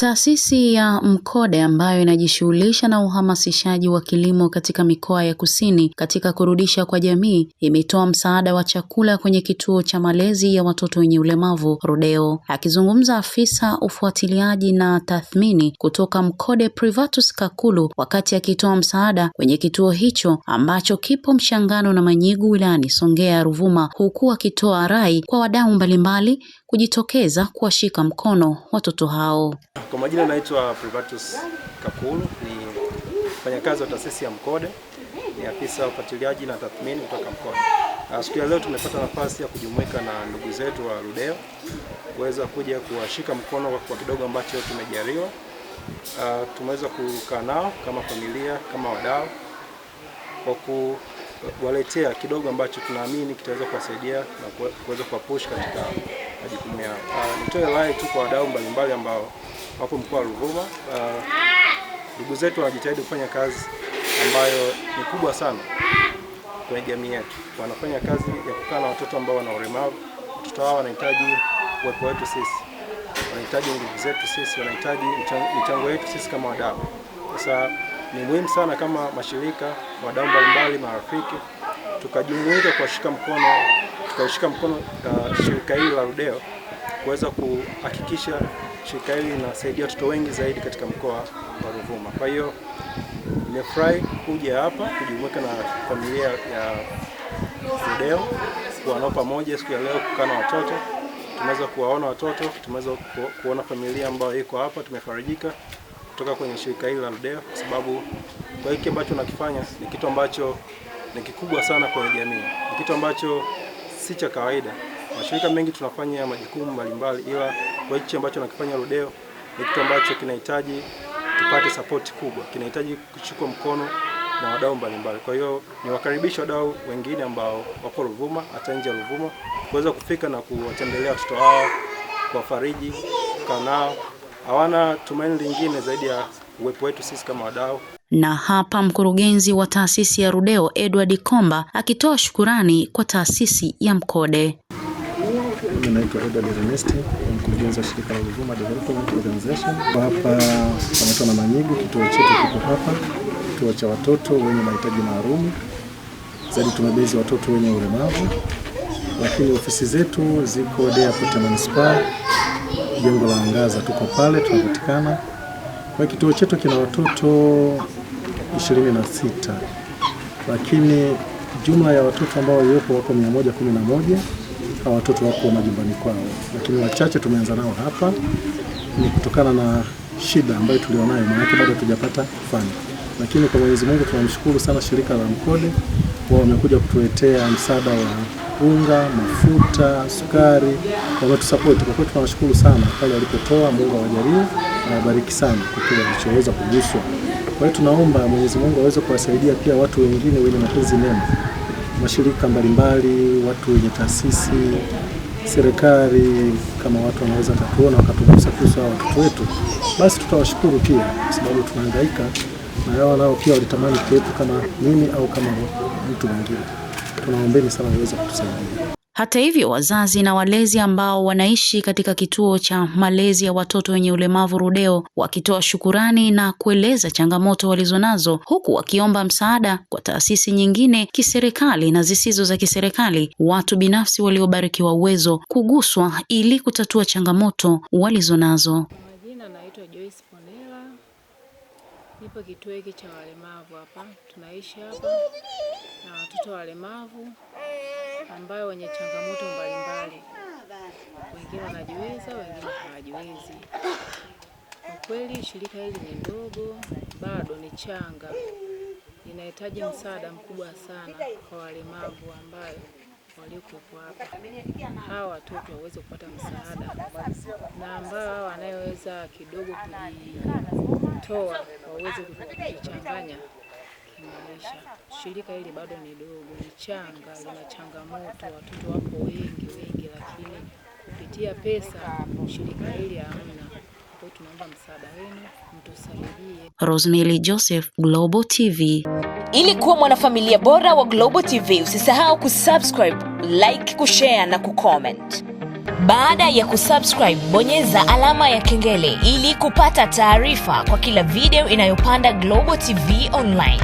Taasisi ya Mkode ambayo inajishughulisha na uhamasishaji wa kilimo katika mikoa ya kusini katika kurudisha kwa jamii imetoa msaada wa chakula kwenye kituo cha malezi ya watoto wenye ulemavu Rodeo. Akizungumza afisa ufuatiliaji na tathmini kutoka Mkode Privatus Kakulu wakati akitoa msaada kwenye kituo hicho ambacho kipo Mshangano na Manyigu wilayani Songea Ruvuma, huku akitoa rai kwa wadau mbalimbali kujitokeza kuwashika mkono watoto hao. Kwa majina naitwa Privatus Kakulu, ni mfanyakazi wa taasisi ya Mkode, ni afisa ufuatiliaji na tathmini kutoka Mkode. Ah, siku ya leo tumepata nafasi ya kujumuika na ndugu zetu wa Ludewa kuweza kuja kuwashika mkono kwa kidogo ambacho tumejaliwa. Ah, tumeweza kukaa nao kama familia, kama wadau, kwa kuwaletea kidogo ambacho tunaamini kitaweza kuwasaidia na kuweza kuwapush katika majukumu yao. Ah, nitoe rai tu kwa wadau mbalimbali ambao wapo mkoa wa Ruvuma. Ah, ndugu uh, zetu wanajitahidi kufanya kazi ambayo ni kubwa sana kwenye jamii yetu. Wanafanya kazi ya kukaa na watoto ambao wana ulemavu. Watoto hao wanahitaji uwepo wetu sisi, wanahitaji nguvu zetu sisi, wanahitaji michango yetu sisi kama wadau. Sasa ni muhimu sana kama mashirika, wadau mbalimbali, marafiki, tukajumuika kuwashika mkono, tukaishika mkono uh, shirika hili la rudeo kuweza kuhakikisha shirika hili linasaidia watoto wengi zaidi katika mkoa wa Ruvuma. Kwa hiyo nimefurahi kuja hapa kujumuika na familia ya Ludewa kuwa nao pamoja siku ya leo, kukaa na watoto, tumeweza kuwaona watoto, tumeweza kuona familia ambayo iko hapa. Tumefarijika kutoka kwenye shirika hili la Ludewa, kwa sababu kwa hiki ambacho nakifanya ni kitu ambacho ni kikubwa sana kwa jamii, ni kitu ambacho si cha kawaida. Mashirika mengi tunafanya majukumu mbalimbali ila kwa hichi ambacho nakifanya Rodeo ni kitu ambacho kinahitaji tupate support kubwa, kinahitaji kuchukua mkono na wadau mbalimbali. Kwa hiyo niwakaribisha wadau wengine ambao wako Ruvuma hata nje ya Ruvuma kuweza kufika na kuwatembelea watoto hao, kuwafariji, kukaa nao. Hawana tumaini lingine zaidi ya uwepo wetu sisi kama wadau. Na hapa mkurugenzi wa taasisi ya rudeo Edward Komba akitoa shukurani kwa taasisi ya Mkode. Naitwa Edward Ernest, mkurugenzi wa shirika la Ruvuma Development Organization. Hapa wanaitwa na Manyigu, kituo chetu kiko hapa, kituo cha watoto wenye mahitaji maalum zaidi, tumebezi watoto wenye ulemavu, lakini ofisi zetu ziko Deaport Manispaa, jengo la Angaza, tuko pale tunapatikana. Kwa kituo chetu kina watoto 26 lakini jumla ya watoto ambao waliopo wako 111 hawa watoto wako majumbani kwao, lakini wachache tumeanza nao hapa. Ni kutokana na shida ambayo tulionayo, maanake bado hatujapata fani, lakini kwa Mwenyezi Mungu tunamshukuru sana shirika la Mkode, wao wamekuja kutuletea msaada wa unga, mafuta, sukari, wametusapoti kwa kweli, tunawashukuru sana pale walipotoa. Mungu awajalie na wabariki sana kwa kile walichoweza kuguswa. Kwa hiyo tunaomba Mwenyezi Mungu aweze kuwasaidia pia watu wengine wenye mapenzi mema mashirika mbalimbali, watu wenye taasisi, serikali, kama watu wanaweza tatuona wakatugusa kuhusu hawa watoto wetu, basi tutawashukuru pia, kwa sababu tunahangaika na hawa nao pia walitamani kitu kama mimi au kama mtu mwingine. Tunaombeni sana uweze kutusaidia. Hata hivyo, wazazi na walezi ambao wanaishi katika kituo cha malezi ya watoto wenye ulemavu Rudeo wakitoa shukurani na kueleza changamoto walizonazo huku wakiomba msaada kwa taasisi nyingine kiserikali na zisizo za kiserikali, watu binafsi waliobarikiwa uwezo kuguswa ili kutatua changamoto walizonazo. Majina naitwa Joyce Ponela. Nipo kituo hiki cha walemavu hapa, tunaishi hapa na watoto walemavu ambayo wenye changamoto mbalimbali, wengine wanajiweza, wengine hawajiwezi. Kwa kweli shirika hili ni ndogo, bado ni changa, inahitaji msaada mkubwa sana kwa walemavu ambayo waliokuwepo hapa, hawa watoto waweze kupata msaada, na ambao hawa wanayoweza kidogo kujitoa waweze kujichanganya kumaanisha shirika hili bado ni dogo, ni changa, lina changamoto, watoto wapo wengi wengi, lakini kupitia pesa shirika hili hamna. Kwa hiyo tunaomba msaada wenu, mtusaidie. Rosemary Joseph, Global TV. Ili kuwa mwanafamilia bora wa Global TV, usisahau kusubscribe, like, kushare na kucomment. Baada ya kusubscribe, bonyeza alama ya kengele ili kupata taarifa kwa kila video inayopanda Global TV Online.